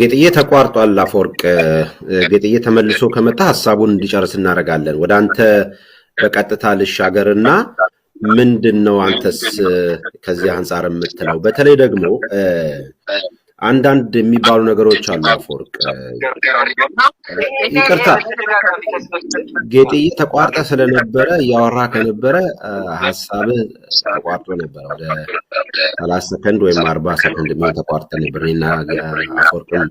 ጌጥዬ ተቋርጧል። አፈወርቅ ጌጥዬ ተመልሶ ከመጣ ሀሳቡን እንዲጨርስ እናደርጋለን። ወደ አንተ በቀጥታ ልሻገርና ምንድን ነው አንተስ ከዚህ አንጻር የምትለው በተለይ ደግሞ አንዳንድ የሚባሉ ነገሮች አሉ። አፈወርቅ ይቅርታ ጌጤ ተቋርጠ ስለነበረ እያወራ ከነበረ ሀሳብህ ተቋርጦ ነበረ። ወደ ሰላሳ ሰከንድ ወይም አርባ ሰከንድ የሚሆን ተቋርጠ ነበር እና አፈወርቅም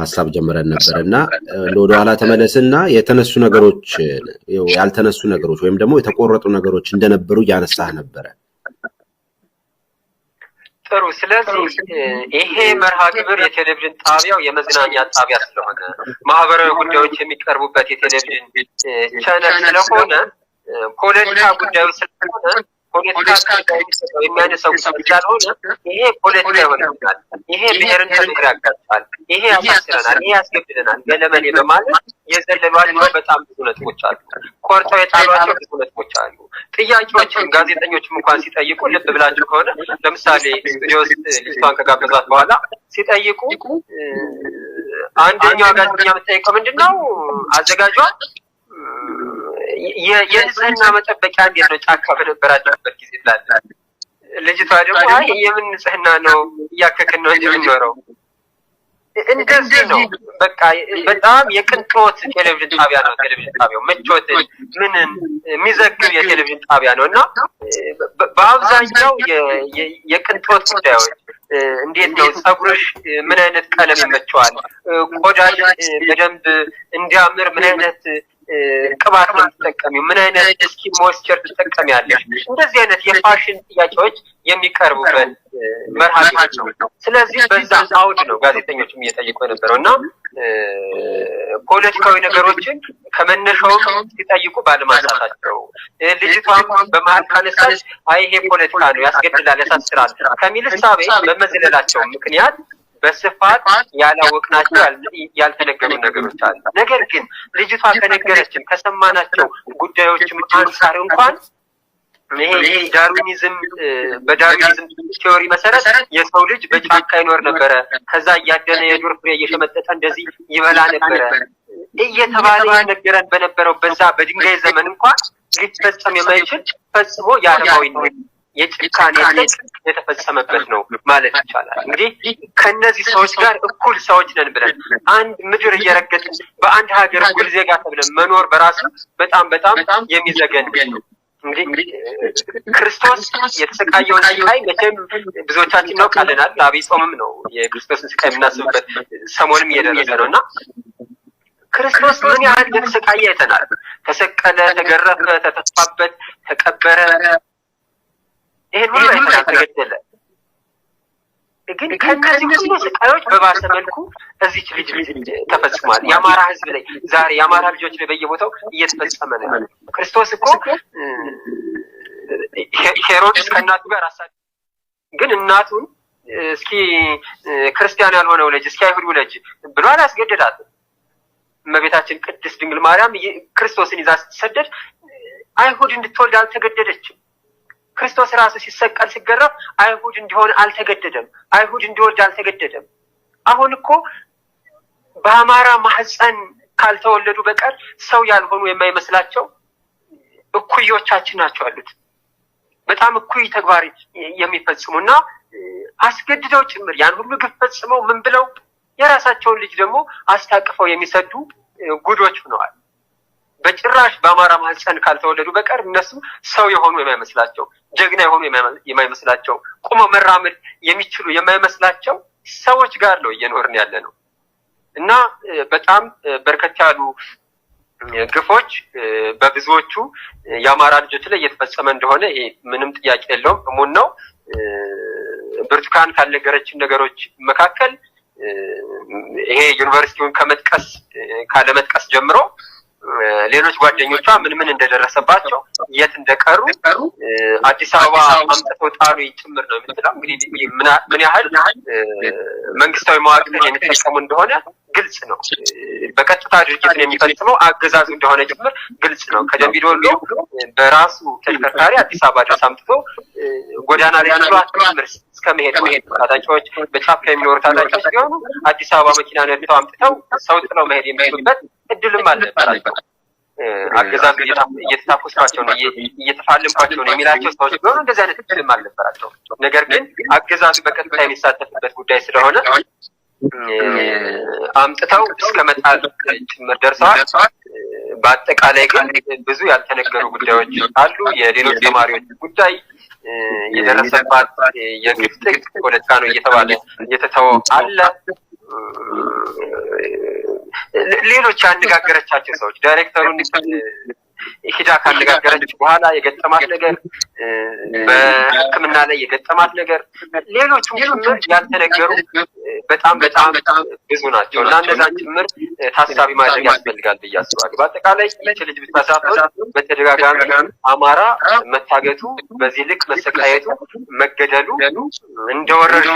ሀሳብ ጀምረን ነበር እና ወደኋላ ኋላ ተመለስና የተነሱ ነገሮች ያልተነሱ ነገሮች ወይም ደግሞ የተቆረጡ ነገሮች እንደነበሩ እያነሳህ ነበረ ጥሩ። ስለዚህ ይሄ መርሃ ግብር የቴሌቪዥን ጣቢያው የመዝናኛ ጣቢያ ስለሆነ ማህበራዊ ጉዳዮች የሚቀርቡበት የቴሌቪዥን ቻነል ስለሆነ ፖለቲካ ጉዳዩ ስለሆነ ፖለቲካ የሚያነሳው ካልሆነ ይሄ ፖለቲካ ይሆናል። ይሄ ብሔርን ተምር ያጋጥማል። ይሄ ያሳስረናል። ይሄ ያስገድደናል። ገለመኔ በማለት የዘለሏቸው በጣም ብዙ ነጥቦች አሉ። ኮርተው የጣሏቸው ብዙ ነጥቦች አሉ። ጥያቄዎችን ጋዜጠኞችም እንኳን ሲጠይቁ ልብ ብላችሁ ከሆነ ለምሳሌ ስቱዲዮ ውስጥ ልጅቷን ከጋበዛት በኋላ ሲጠይቁ አንደኛዋ ጋዜጠኛ የምትጠይቀው ምንድን ነው አዘጋጇ የንጽህና መጠበቂያ እንዴት ነው ጫካ በነበራችሁበት ጊዜ ትላለህ። ልጅቷ ደግሞ አይ የምን ንጽህና ነው እያከክን ነው እንጂ የምንኖረው እንደዚህ ነው። በቃ በጣም የቅንጦት ቴሌቪዥን ጣቢያ ነው። ቴሌቪዥን ጣቢያው ምቾትን ምንን የሚዘግብ የቴሌቪዥን ጣቢያ ነው እና በአብዛኛው የቅንጦት ጉዳዮች እንዴት ነው ጸጉርሽ ምን አይነት ቀለም ይመቸዋል፣ ቆዳሽ በደንብ እንዲያምር ምን አይነት ቅባት ትጠቀሚ? ምን አይነት ስኪ ሞስቸር ትጠቀሚ? ያለሽ እንደዚህ አይነት የፋሽን ጥያቄዎች የሚቀርቡበት መርሃቸው ነው። ስለዚህ በዛ አውድ ነው ጋዜጠኞችም እየጠየቁ የነበረው እና ፖለቲካዊ ነገሮችን ከመነሻው ሲጠይቁ ባለማንሳታቸው ልጅቷም በመሀል ካነሳች አይ ይሄ ፖለቲካ ነው ያስገድላል፣ ያሳስራል ከሚል እሳቤ በመዝለላቸው ምክንያት በስፋት ያላወቅናቸው ያልተነገሩ ነገሮች አሉ። ነገር ግን ልጅቷ ከነገረችም ከሰማናቸው ጉዳዮችም አንጻር እንኳን ይሄ ዳርዊኒዝም በዳርዊኒዝም ቴዎሪ መሰረት የሰው ልጅ በጫካ ይኖር ነበረ፣ ከዛ እያደነ የዱር ፍሬ እየሸመጠጠ እንደዚህ ይበላ ነበረ እየተባለ ነገረን በነበረው በዛ በድንጋይ ዘመን እንኳን ሊፈጸም የማይችል ፈጽሞ ነው የጭካኔ የተፈጸመበት ነው ማለት ይቻላል። እንግዲህ ከእነዚህ ሰዎች ጋር እኩል ሰዎች ነን ብለን አንድ ምድር እየረገጥ በአንድ ሀገር እኩል ዜጋ ተብለን መኖር በራሱ በጣም በጣም የሚዘገን ነው። እንግዲህ ክርስቶስ የተሰቃየውን ስቃይ መቼም ብዙዎቻችን እናውቃለናል። አብይ ጾምም ነው የክርስቶስን ስቃይ የምናስብበት ሰሞንም እየደረሰ ነው እና ክርስቶስ ምን ያህል እንደተሰቃየ አይተናል። ተሰቀለ፣ ተገረፈ፣ ተተፋበት፣ ተቀበረ ይሄን ሁሉ ያልተገደለ ግን ከእነዚህ ሁሉ ስቃዮች በባሰ መልኩ እዚች ልጅ ተፈጽሟል። የአማራ ህዝብ ላይ ዛሬ የአማራ ልጆች ላይ በየቦታው እየተፈጸመ ነው። ክርስቶስ እኮ ሄሮድስ ከእናቱ ጋር አሳ ግን እናቱን እስኪ ክርስቲያን ያልሆነው ልጅ እስኪ አይሁድ ልጅ ብሎ አላስገደዳትም። እመቤታችን ቅድስት ድንግል ማርያም ክርስቶስን ይዛ ስትሰደድ አይሁድ እንድትወልድ አልተገደደችም። ክርስቶስ ራሱ ሲሰቀል ሲገራ አይሁድ እንዲሆን አልተገደደም። አይሁድ እንዲወልድ አልተገደደም። አሁን እኮ በአማራ ማህፀን ካልተወለዱ በቀር ሰው ያልሆኑ የማይመስላቸው እኩዮቻችን ናቸው አሉት። በጣም እኩይ ተግባር የሚፈጽሙ እና አስገድደው ጭምር ያን ሁሉ ግፍ ፈጽመው ምን ብለው የራሳቸውን ልጅ ደግሞ አስታቅፈው የሚሰዱ ጉዶች ሆነዋል። በጭራሽ በአማራ ማህፀን ካልተወለዱ በቀር እነሱ ሰው የሆኑ የማይመስላቸው ጀግና የሆኑ የማይመስላቸው ቁመው መራመድ የሚችሉ የማይመስላቸው ሰዎች ጋር ነው እየኖርን ያለ ነው እና በጣም በርከት ያሉ ግፎች በብዙዎቹ የአማራ ልጆች ላይ እየተፈጸመ እንደሆነ ይሄ ምንም ጥያቄ የለውም፣ እሙን ነው። ብርቱካን ካልነገረችን ነገሮች መካከል ይሄ ዩኒቨርሲቲውን ከመጥቀስ ካለመጥቀስ ጀምሮ ሌሎች ጓደኞቿ ምን ምን እንደደረሰባቸው የት እንደቀሩ አዲስ አበባ አምጥተው ጣሉ ጭምር ነው የምትለው። እንግዲህ ምን ያህል መንግስታዊ መዋቅር የሚጠቀሙ እንደሆነ ግልጽ ነው። በቀጥታ ድርጅትን የሚፈጽመው አገዛዙ እንደሆነ ጭምር ግልጽ ነው። ከደምቢ በራሱ ተሽከርካሪ አዲስ አበባ ድረስ አምጥቶ ጎዳና ላይ ስሏት ምርስ እስከ መሄድ ታጣቂዎች በጫፍ ላይ የሚኖሩ ታጣቂዎች ሲሆኑ አዲስ አበባ መኪና ነድተው አምጥተው ሰው ጥለው መሄድ የሚችሉበት እድልም አለ። አገዛዝ እየተታኮስባቸው ነው፣ እየተፋለምባቸው ነው የሚላቸው ሰዎች ቢሆኑ እንደዚህ አይነት እድልም አልነበራቸው። ነገር ግን አገዛዝ በቀጥታ የሚሳተፍበት ጉዳይ ስለሆነ አምጥተው እስከ መጣል ጭምር ደርሰዋል። በአጠቃላይ ግን ብዙ ያልተነገሩ ጉዳዮች አሉ። የሌሎች ተማሪዎች ጉዳይ የደረሰባት የግፍ ፖለቲካ ነው እየተባለ እየተተወ አለ። ሌሎች ያነጋገረቻቸው ሰዎች ዳይሬክተሩ ሂዳ ካነጋገረች በኋላ የገጠማት ነገር፣ በሕክምና ላይ የገጠማት ነገር፣ ሌሎችም ጭምር ያልተነገሩ በጣም በጣም ብዙ ናቸው እና እነዛን ጭምር ታሳቢ ማድረግ ያስፈልጋል ብዬ አስባለሁ። በአጠቃላይ ይች ልጅ ብቻ ሳትሆን በተደጋጋሚ አማራ መታገቱ፣ በዚህ ልክ መሰቃየቱ፣ መገደሉ እንደወረዱ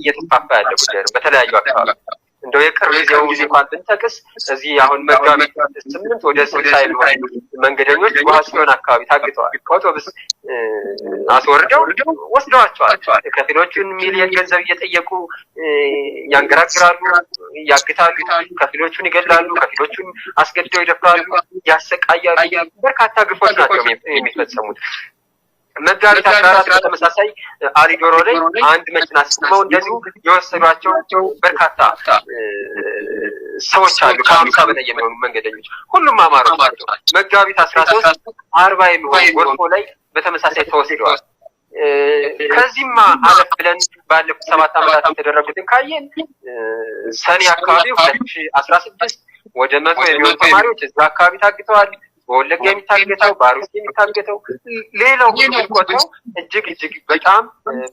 እየተስፋፋ ያለ ጉዳይ ነው በተለያዩ አካባቢ እንደው የቅርብ ጊዜው እንኳን ብንጠቅስ እዚህ አሁን መጋቢት ስምንት ወደ ስልሳ የሚሆኑ መንገደኞች ውሃ ሲሆን አካባቢ ታግተዋል። ከአውቶብስ አስወርደው ወስደዋቸዋል። ከፊሎቹን ሚሊየን ገንዘብ እየጠየቁ ያንገራግራሉ፣ ያግታሉ፣ ከፊሎቹን ይገላሉ፣ ከፊሎቹን አስገድደው ይደፍራሉ፣ ያሰቃያሉ። በርካታ ግፎች ናቸው የሚፈጸሙት። መጋቢት አስራ አራት በተመሳሳይ አሊዶሮ ላይ አንድ መኪና አስቆመው እንደዚሁ የወሰዷቸው በርካታ ሰዎች አሉ። ከአምሳ በላይ የሚሆኑ መንገደኞች ሁሉም አማሮች ናቸው። መጋቢት አስራ ሶስት አርባ የሚሆኑ ጎርፎ ላይ በተመሳሳይ ተወስደዋል። ከዚህማ አለፍ ብለን ባለፉት ሰባት ዓመታት የተደረጉትን ካየን ሰኔ አካባቢ ሁለት ሺ አስራ ስድስት ወደ መቶ የሚሆኑ ተማሪዎች እዛ አካባቢ ታግተዋል። በወለጋ የሚታገተው በአርሲ የሚታገተው ሌላው የሚቆጠው እጅግ እጅግ በጣም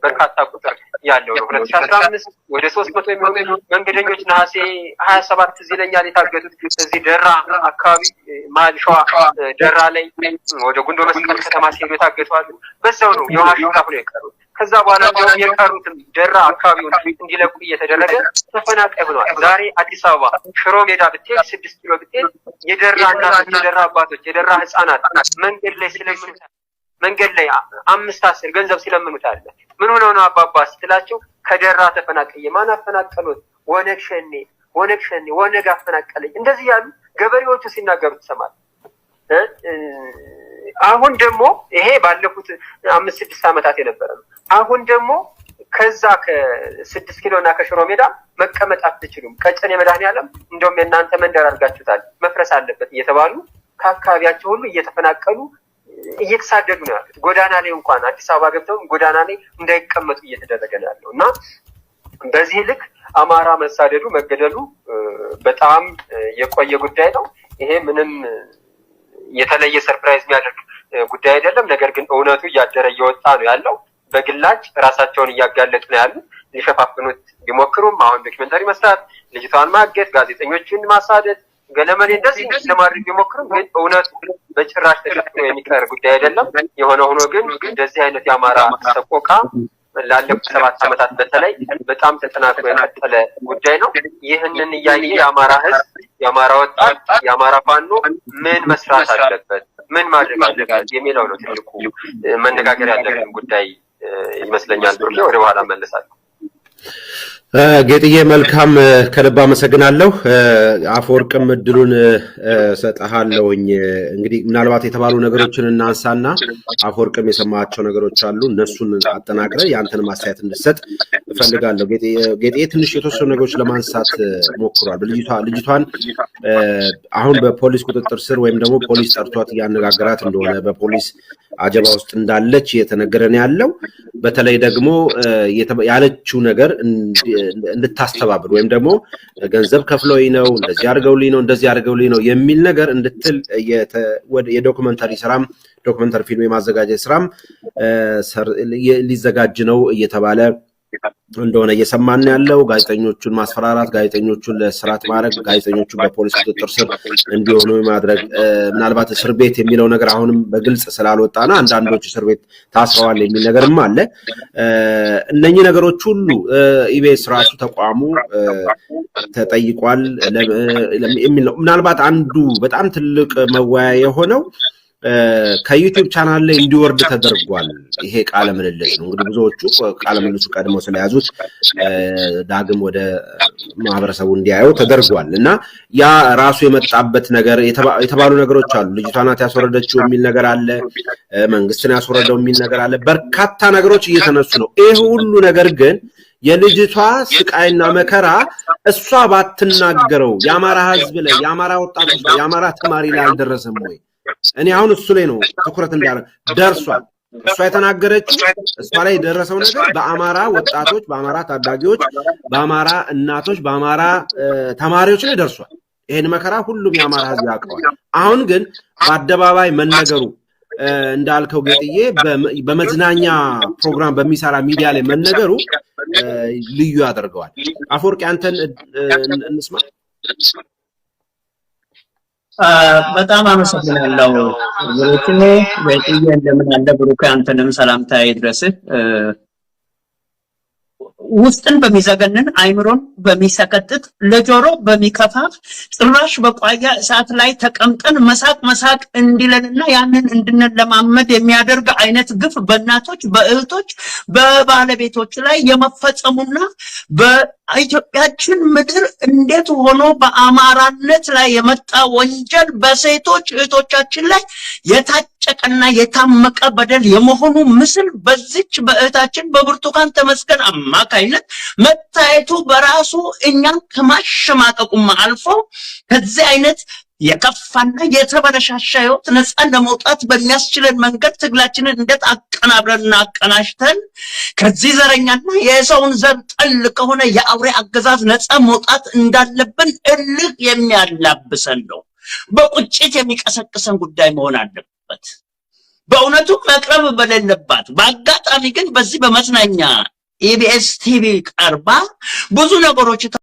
በርካታ ቁጥር ያለው ነው። ሁለት ሺህ አስራ አምስት ወደ ሶስት መቶ የሚሆኑ መንገደኞች ነሐሴ ሀያ ሰባት እዚህ ለኛል የታገቱት እዚህ ደራ አካባቢ መሀል ሸዋ ደራ ላይ ወደ ጉንዶ መስቀል ከተማ ሲሄዱ የታገቱ አሉ። በዛው ነው የውሃ ሽራ ሁኖ የቀሩት ከዛ በኋላ እንዲሁም የቀሩትም ደራ አካባቢውን እንዲለቁ እየተደረገ ተፈናቃይ ሆኗል። ዛሬ አዲስ አበባ ሽሮ ሜዳ ብትሄድ፣ ስድስት ኪሎ ብትሄድ የደራ እናቶች፣ የደራ አባቶች፣ የደራ ህጻናት መንገድ ላይ ስለምኑታል። መንገድ ላይ አምስት አስር ገንዘብ አለ ምን ሆነው ነው አባባ ስትላቸው ከደራ ተፈናቀየ። ማን አፈናቀሉት? ወነግ ሸኔ፣ ወነግ ሸኔ፣ ወነግ አፈናቀለኝ። እንደዚህ ያሉ ገበሬዎቹ ሲናገሩ ትሰማል። አሁን ደግሞ ይሄ ባለፉት አምስት ስድስት ዓመታት የነበረ ነው። አሁን ደግሞ ከዛ ከስድስት ኪሎ እና ከሽሮ ሜዳ መቀመጥ አትችሉም፣ ቀጭኔ መድኃኔዓለም እንደውም የእናንተ መንደር አድርጋችሁታል መፍረስ አለበት እየተባሉ ከአካባቢያቸው ሁሉ እየተፈናቀሉ እየተሳደዱ ነው ያሉት። ጎዳና ላይ እንኳን አዲስ አበባ ገብተውም ጎዳና ላይ እንዳይቀመጡ እየተደረገ ነው ያለው እና በዚህ ልክ አማራ መሳደዱ መገደሉ በጣም የቆየ ጉዳይ ነው። ይሄ ምንም የተለየ ሰርፕራይዝ የሚያደርግ ጉዳይ አይደለም። ነገር ግን እውነቱ እያደረ እየወጣ ነው ያለው። በግላጭ ራሳቸውን እያጋለጡ ነው ያሉ። ሊሸፋፍኑት ቢሞክሩም አሁን ዶክመንታሪ መስራት፣ ልጅቷን ማገት፣ ጋዜጠኞችን ማሳደድ፣ ገለመኔ እንደዚህ ለማድረግ ቢሞክሩም ግን እውነቱ በጭራሽ ተሸፍኖ የሚቀር ጉዳይ አይደለም። የሆነ ሆኖ ግን እንደዚህ አይነት የአማራ ሰቆቃ ላለፉት ሰባት ዓመታት በተለይ በጣም ተጠናክሮ የቀጠለ ጉዳይ ነው። ይህንን እያየ የአማራ ህዝብ የአማራ ወጣት፣ የአማራ ፋኖ ምን መስራት አለበት? ምን ማድረግ አለበት የሚለው ነው ትልቁ መነጋገር ያለብን ጉዳይ ይመስለኛል። ብር ወደ በኋላ መለሳለሁ። ጌጥዬ መልካም ከልብ አመሰግናለሁ። አፈወርቅም እድሉን ሰጠሃለውኝ። እንግዲህ ምናልባት የተባሉ ነገሮችን እናንሳና አፈወርቅም የሰማቸው ነገሮች አሉ። እነሱን አጠናቅረ የአንተን ማስተያየት እንድሰጥ እፈልጋለሁ። ጌጥዬ ትንሽ የተወሰኑ ነገሮች ለማንሳት ሞክሯል። ልጅቷን አሁን በፖሊስ ቁጥጥር ስር ወይም ደግሞ ፖሊስ ጠርቷት እያነጋገራት እንደሆነ በፖሊስ አጀባ ውስጥ እንዳለች እየተነገረን ያለው። በተለይ ደግሞ ያለችው ነገር እንድታስተባብር ወይም ደግሞ ገንዘብ ከፍለውኝ ነው እንደዚህ አድርገውልኝ ነው እንደዚህ አድርገውልኝ ነው የሚል ነገር እንድትል የዶክመንተሪ ስራም ዶክመንተሪ ፊልም የማዘጋጀት ስራም ሊዘጋጅ ነው እየተባለ እንደሆነ እየሰማን ያለው ጋዜጠኞቹን ማስፈራራት፣ ጋዜጠኞቹን ለስርዓት ማድረግ፣ ጋዜጠኞቹን በፖሊስ ቁጥጥር ስር እንዲሆኑ ማድረግ ምናልባት እስር ቤት የሚለው ነገር አሁንም በግልጽ ስላልወጣ ነው። አንዳንዶች እስር ቤት ታስረዋል የሚል ነገርም አለ። እነኚህ ነገሮች ሁሉ ኢቢኤስ ራሱ ተቋሙ ተጠይቋል የሚል ነው። ምናልባት አንዱ በጣም ትልቅ መወያ የሆነው ከዩቲዩብ ቻናል ላይ እንዲወርድ ተደርጓል። ይሄ ቃለ ምልልስ ነው። እንግዲህ ብዙዎቹ ቃለ ምልልሱ ቀድሞ ስለያዙት ዳግም ወደ ማህበረሰቡ እንዲያየው ተደርጓል እና ያ ራሱ የመጣበት ነገር የተባሉ ነገሮች አሉ። ልጅቷ ናት ያስወረደችው የሚል ነገር አለ። መንግስትን ያስወረደው የሚል ነገር አለ። በርካታ ነገሮች እየተነሱ ነው። ይህ ሁሉ ነገር ግን የልጅቷ ስቃይና መከራ እሷ ባትናገረው የአማራ ህዝብ ላይ፣ የአማራ ወጣቶች ላይ፣ የአማራ ተማሪ ላይ አልደረሰም ወይ? እኔ አሁን እሱ ላይ ነው ትኩረት እንዳለ ደርሷል። እሷ የተናገረች እሷ ላይ የደረሰው ነገር በአማራ ወጣቶች፣ በአማራ ታዳጊዎች፣ በአማራ እናቶች፣ በአማራ ተማሪዎች ላይ ደርሷል። ይህን መከራ ሁሉም የአማራ ህዝብ ያውቀዋል። አሁን ግን በአደባባይ መነገሩ እንዳልከው ጌጥዬ በመዝናኛ ፕሮግራም በሚሰራ ሚዲያ ላይ መነገሩ ልዩ ያደርገዋል። አፈወርቅ አንተን እንስማ። በጣም አመሰግናለሁ ብሩኬ። በጥዬ እንደምን አለ ብሩኬ፣ አንተንም ሰላምታ ይድረስህ። ውስጥን በሚዘገንን አይምሮን በሚሰቀጥጥ ለጆሮ በሚከፋ ጭራሽ በቋያ እሳት ላይ ተቀምጠን መሳቅ መሳቅ እንዲለንና ያንን እንድንለማመድ የሚያደርግ አይነት ግፍ በእናቶች፣ በእህቶች፣ በባለቤቶች ላይ የመፈጸሙና በኢትዮጵያችን ምድር እንዴት ሆኖ በአማራነት ላይ የመጣ ወንጀል በሴቶች እህቶቻችን ላይ የታጨቀና የታመቀ በደል የመሆኑ ምስል በዚች በእህታችን በብርቱካን ተመስገን አማካ ተከታይነት መታየቱ በራሱ እኛን ከማሸማቀቁም አልፎ ከዚህ አይነት የከፋና የተበለሻሻ ህይወት ነፃን ለመውጣት በሚያስችለን መንገድ ትግላችንን እንዴት አቀናብረንና አቀናሽተን ከዚህ ዘረኛና የሰውን ዘር ጠል ከሆነ የአውሬ አገዛዝ ነፃ መውጣት እንዳለብን እልህ የሚያላብሰን ነው። በቁጭት የሚቀሰቅሰን ጉዳይ መሆን አለበት። በእውነቱ መቅረብ በሌለባት በአጋጣሚ ግን በዚህ በመዝናኛ ኢቢኤስ ቲቪ ቀርባ ብዙ ነገሮች